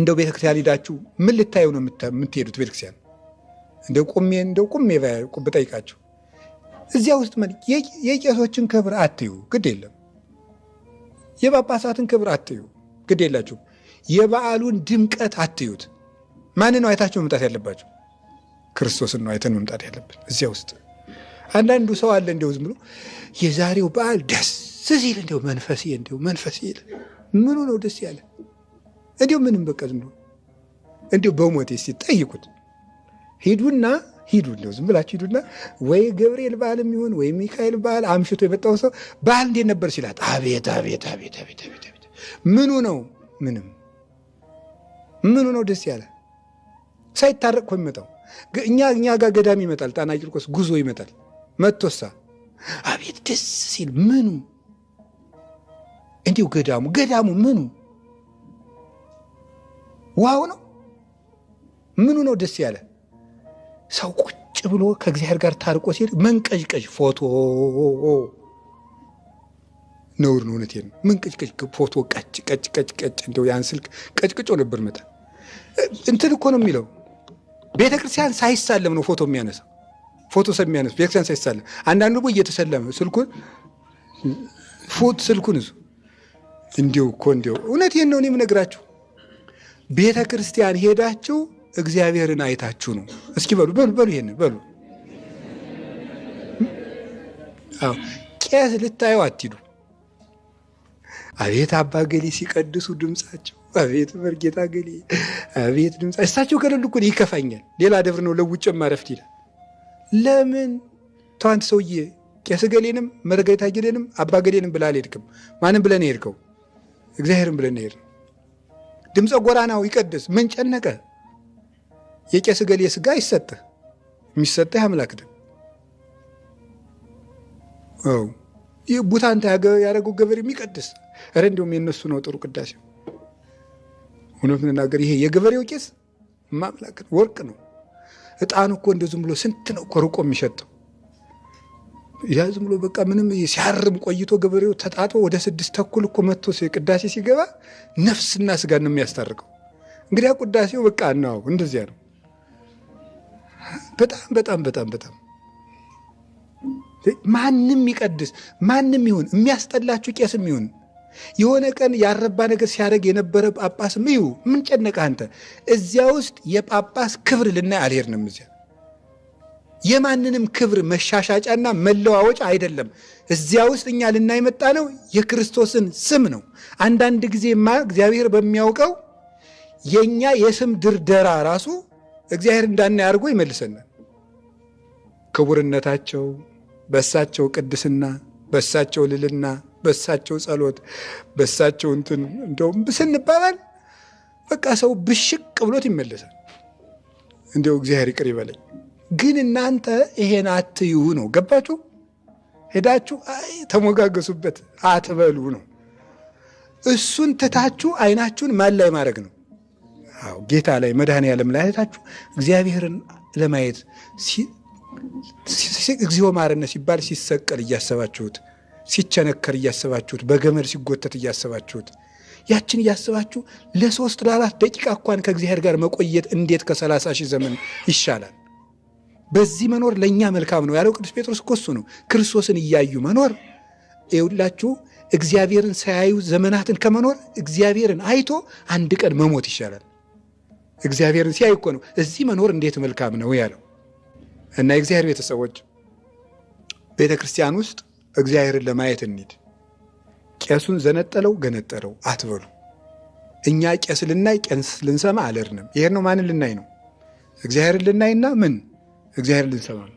እንደው ቤተክርስቲያን ሄዳችሁ ምን ልታዩ ነው የምትሄዱት? ቤተክርስቲያን እንደው ቁሜ እንደው ቁሜ ብጠይቃችሁ እዚያ ውስጥ የቄሶችን ክብር አትዩ፣ ግድ የለም። የጳጳሳትን ክብር አትዩ፣ ግድ የላችሁ። የበዓሉን ድምቀት አትዩት። ማንን ነው አይታችሁ መምጣት ያለባችሁ? ክርስቶስን ነው አይተን መምጣት ያለብን። እዚያ ውስጥ አንዳንዱ ሰው አለ እንዲሁ ዝም ብሎ የዛሬው በዓል ደስ ሲል እንዲሁ መንፈስ እንዲሁ መንፈስ ምኑ ነው ደስ ያለ እንዲሁ ምንም በቀል ነው። እንዲሁ በሞቴ ሲጠይቁት ሂዱና ሂዱ እንደው ዝም ብላችሁ ሂዱና ወይ ገብርኤል በዓል የሚሆን ወይ ሚካኤል በዓል አምሽቶ የመጣው ሰው በዓል እንዴት ነበር ሲላት፣ አቤት አቤት አቤት አቤት አቤት አቤት ምኑ ነው ምንም ምኑ ነው ደስ ያለ ሳይታረቅ እኮ የሚመጣው እኛ እኛ ጋር ገዳም ይመጣል፣ ጣና ቂርቆስ ጉዞ ይመጣል። መቶሳ አቤት ደስ ሲል ምኑ እንዲሁ ገዳሙ ገዳሙ ምኑ ዋው ነው ምኑ ነው ደስ ያለ ሰው ቁጭ ብሎ ከእግዚአብሔር ጋር ታርቆ ሲሄድ መንቀዥቀዥ ፎቶ ነውር ነው። እውነቴን ነው። መንቀጭቀጭ ፎቶ ቀጭ ቀጭ ቀጭ ቀጭ እንደው ያን ስልክ ቀጭቅጮ ነበር መጣ እንትን እኮ ነው የሚለው ቤተ ክርስቲያን ሳይሳለም ነው ፎቶ የሚያነሳ ፎቶ ሰብ የሚያነሳ ቤተ ክርስቲያን ሳይሳለም። አንዳንዱ ደግሞ እየተሰለመ ስልኩን ፎት ስልኩን እሱ እንዲው እኮ እንዲው እውነቴን ነው እኔ የምነግራችሁ ቤተ ክርስቲያን ሄዳችሁ እግዚአብሔርን አይታችሁ ነው። እስኪ በሉ በሉ በሉ ይሄን በሉ። አዎ ቄስ ልታዩ አትሂዱ። አቤት አባ ገሌ ሲቀድሱ ድምጻቸው፣ አቤት መርጌታ ገሌ፣ አቤት ድምጻቸው። እሳቸው ከሌሉ እኮ ይከፋኛል። ሌላ ደብር ነው ለውጭ ማረፍት ይላል። ለምን ተዋንት ሰውዬ ቄስ ገሌንም መርጌታ ገሌንም አባ ገሌንም ብላ አልሄድክም? ማንም ብለን ሄድከው? እግዚአብሔርን ብለን ሄድ ድምፀ ጎራናው ይቀድስ ምን ጨነቀ? የቄስ ገሌ ስጋ ይሰጥህ የሚሰጥህ አምላክ ደ ይህ ቡታንታ ያደረገው ገበሬ የሚቀድስ ረ እንዲሁም የነሱ ነው ጥሩ ቅዳሴ። እውነት ምንናገር ይሄ የገበሬው ቄስ ማምላክ ወርቅ ነው። እጣን እኮ እንደዚም ብሎ ስንት ነው እኮ ርቆ የሚሸጠው ያ ዝም ብሎ በቃ ምንም ሲያርም ቆይቶ ገበሬው ተጣጦ ወደ ስድስት ተኩል እኮ መጥቶ ቅዳሴ ሲገባ ነፍስና ስጋን ነው የሚያስታርቀው። እንግዲያ ቅዳሴው በቃ እናው እንደዚያ ነው። በጣም በጣም በጣም በጣም ማንም ይቀድስ ማንም ይሁን የሚያስጠላችሁ ቄስም ይሁን የሆነ ቀን ያረባ ነገር ሲያደርግ የነበረ ጳጳስም ይሁ ምን ጨነቀህ አንተ? እዚያ ውስጥ የጳጳስ ክብር ልናይ አልሄድንም እዚያ የማንንም ክብር መሻሻጫና መለዋወጫ አይደለም። እዚያ ውስጥ እኛ ልናይ መጣ ነው የክርስቶስን ስም ነው። አንዳንድ ጊዜማ እግዚአብሔር በሚያውቀው የእኛ የስም ድርደራ ራሱ እግዚአብሔር እንዳናይ አድርጎ ይመልሰናል። ክቡርነታቸው፣ በሳቸው ቅድስና፣ በሳቸው ልልና፣ በሳቸው ጸሎት፣ በሳቸው እንትን እንደውም ስንባባል በቃ ሰው ብሽቅ ብሎት ይመለሳል። እንዲው እግዚአብሔር ይቅር ይበለኝ። ግን እናንተ ይሄን አትዩ ነው። ገባችሁ? ሄዳችሁ ተሞጋገሱበት አትበሉ ነው። እሱን ትታችሁ አይናችሁን ማን ላይ ማድረግ ነው? አዎ ጌታ ላይ መድኃኔ ዓለም ላይ አይታችሁ እግዚአብሔርን ለማየት እግዚኦ ማረነ ሲባል ሲሰቀል እያሰባችሁት፣ ሲቸነከር እያሰባችሁት፣ በገመድ ሲጎተት እያሰባችሁት ያችን እያሰባችሁ ለሶስት ለአራት ደቂቃ እንኳን ከእግዚአብሔር ጋር መቆየት እንዴት ከሰላሳ ሺህ ዘመን ይሻላል? በዚህ መኖር ለእኛ መልካም ነው ያለው ቅዱስ ጴጥሮስ እኮ እሱ ነው። ክርስቶስን እያዩ መኖር ይኸውላችሁ፣ እግዚአብሔርን ሳያዩ ዘመናትን ከመኖር እግዚአብሔርን አይቶ አንድ ቀን መሞት ይሻላል። እግዚአብሔርን ሲያይ እኮ ነው እዚህ መኖር እንዴት መልካም ነው ያለው። እና የእግዚአብሔር ቤተሰቦች ቤተ ክርስቲያን ውስጥ እግዚአብሔርን ለማየት እንሂድ። ቄሱን ዘነጠለው ገነጠለው አትበሉ። እኛ ቄስ ልናይ ቄስ ልንሰማ አለርንም። ይሄን ነው ማንን ልናይ ነው? እግዚአብሔርን ልናይና ምን እግዚአብሔር ልንሰማ ነው።